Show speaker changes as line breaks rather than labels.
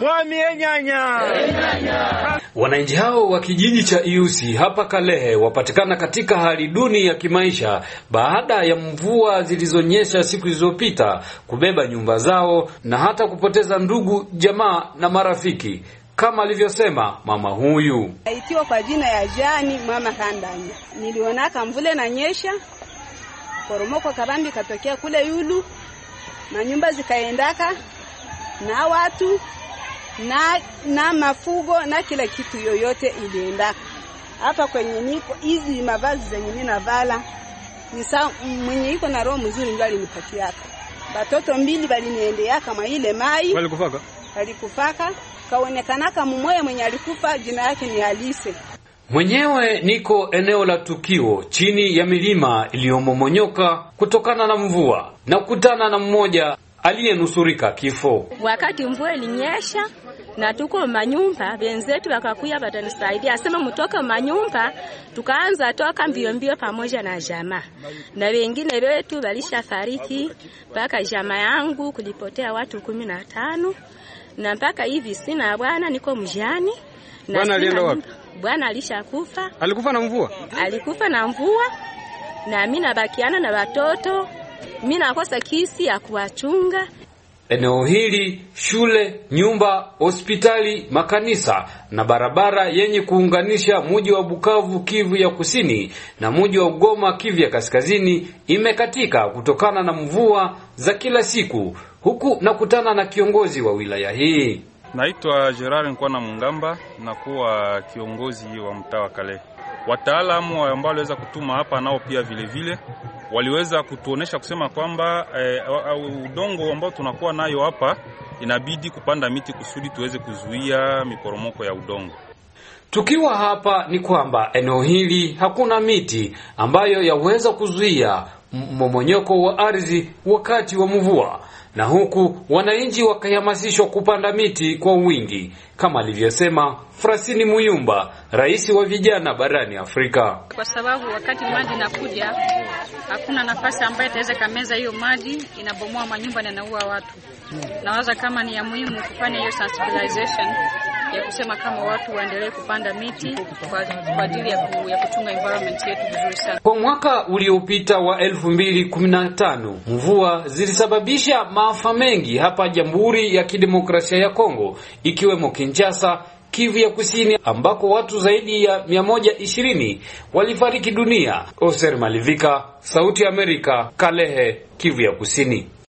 Mwamie nyanya.
Wananchi hao wa kijiji cha Iusi hapa Kalehe wapatikana katika hali duni ya kimaisha baada ya mvua zilizonyesha siku zilizopita kubeba nyumba zao na hata kupoteza ndugu, jamaa na marafiki kama alivyosema mama huyu
aitiwa kwa jina ya Jani mama Kandanya. Niliona kamvule na nyesha poromoko kabambi katokea kule yulu nyumba zikaendaka na watu na, na mafugo na kila kitu yoyote iliendaka hapa kwenye niko. Hizi mavazi zenye ninavala ni sawa, mwenye iko na roho mzuri ndio alinipatiaka. Batoto mbili baliniendeaka mwa ile mai walikufaka, walikufaka kaonekanaka mmoja mwenye alikufa jina yake ni alise
Mwenyewe niko eneo la tukio chini ya milima iliyomomonyoka kutokana na mvua na kutana na mmoja aliyenusurika kifo
wakati mvua ilinyesha na tuko manyumba, wenzetu wakakuya watanisaidia, asema mtoke manyumba. Tukaanza toka mbio mbio pamoja na jamaa na wengine wetu walisha fariki, mpaka jamaa yangu kulipotea watu kumi na tano na mpaka hivi sina bwana, niko mjani. Bwana alienda wapi? Bwana alishakufa.
Alikufa na mvua,
alikufa na mvua, na mimi nabakiana na watoto, mimi nakosa kisi ya kuwachunga
Eneo hili shule, nyumba, hospitali, makanisa na barabara yenye kuunganisha muji wa Bukavu Kivu ya Kusini na muji wa Ugoma Kivu ya Kaskazini imekatika kutokana na mvua za kila siku. Huku nakutana na kiongozi wa wilaya hii. Naitwa Gerard Nkwana Mungamba, nakuwa kiongozi wa mtaa wa Kale. Wataalamu ambao waliweza kutuma hapa nao pia vilevile vile waliweza kutuonesha kusema kwamba e, udongo ambao tunakuwa nayo hapa inabidi kupanda miti kusudi tuweze kuzuia miporomoko ya udongo. Tukiwa hapa ni kwamba eneo hili hakuna miti ambayo yaweza kuzuia mmomonyoko wa ardhi wakati wa mvua, na huku wananchi wakihamasishwa kupanda miti kwa wingi, kama alivyosema Frasini Muyumba, rais wa vijana barani Afrika,
kwa sababu wakati maji inakuja hakuna nafasi ambayo itaweza kameza hiyo maji, inabomoa manyumba na inaua watu. Nawaza kama ni ya muhimu kufanya hiyo sensibilization ya kusema kama watu waendelee kupanda miti kwa ajili ya kuchunga environment yetu vizuri sana.
Kwa mwaka uliopita wa 2015 mvua zilisababisha maafa mengi hapa Jamhuri ya Kidemokrasia ya Kongo ikiwemo Kinshasa, Kivu ya Kusini ambako watu zaidi ya 120 walifariki dunia. Oser Malivika, Sauti ya Amerika, Kalehe, Kivu ya Kusini.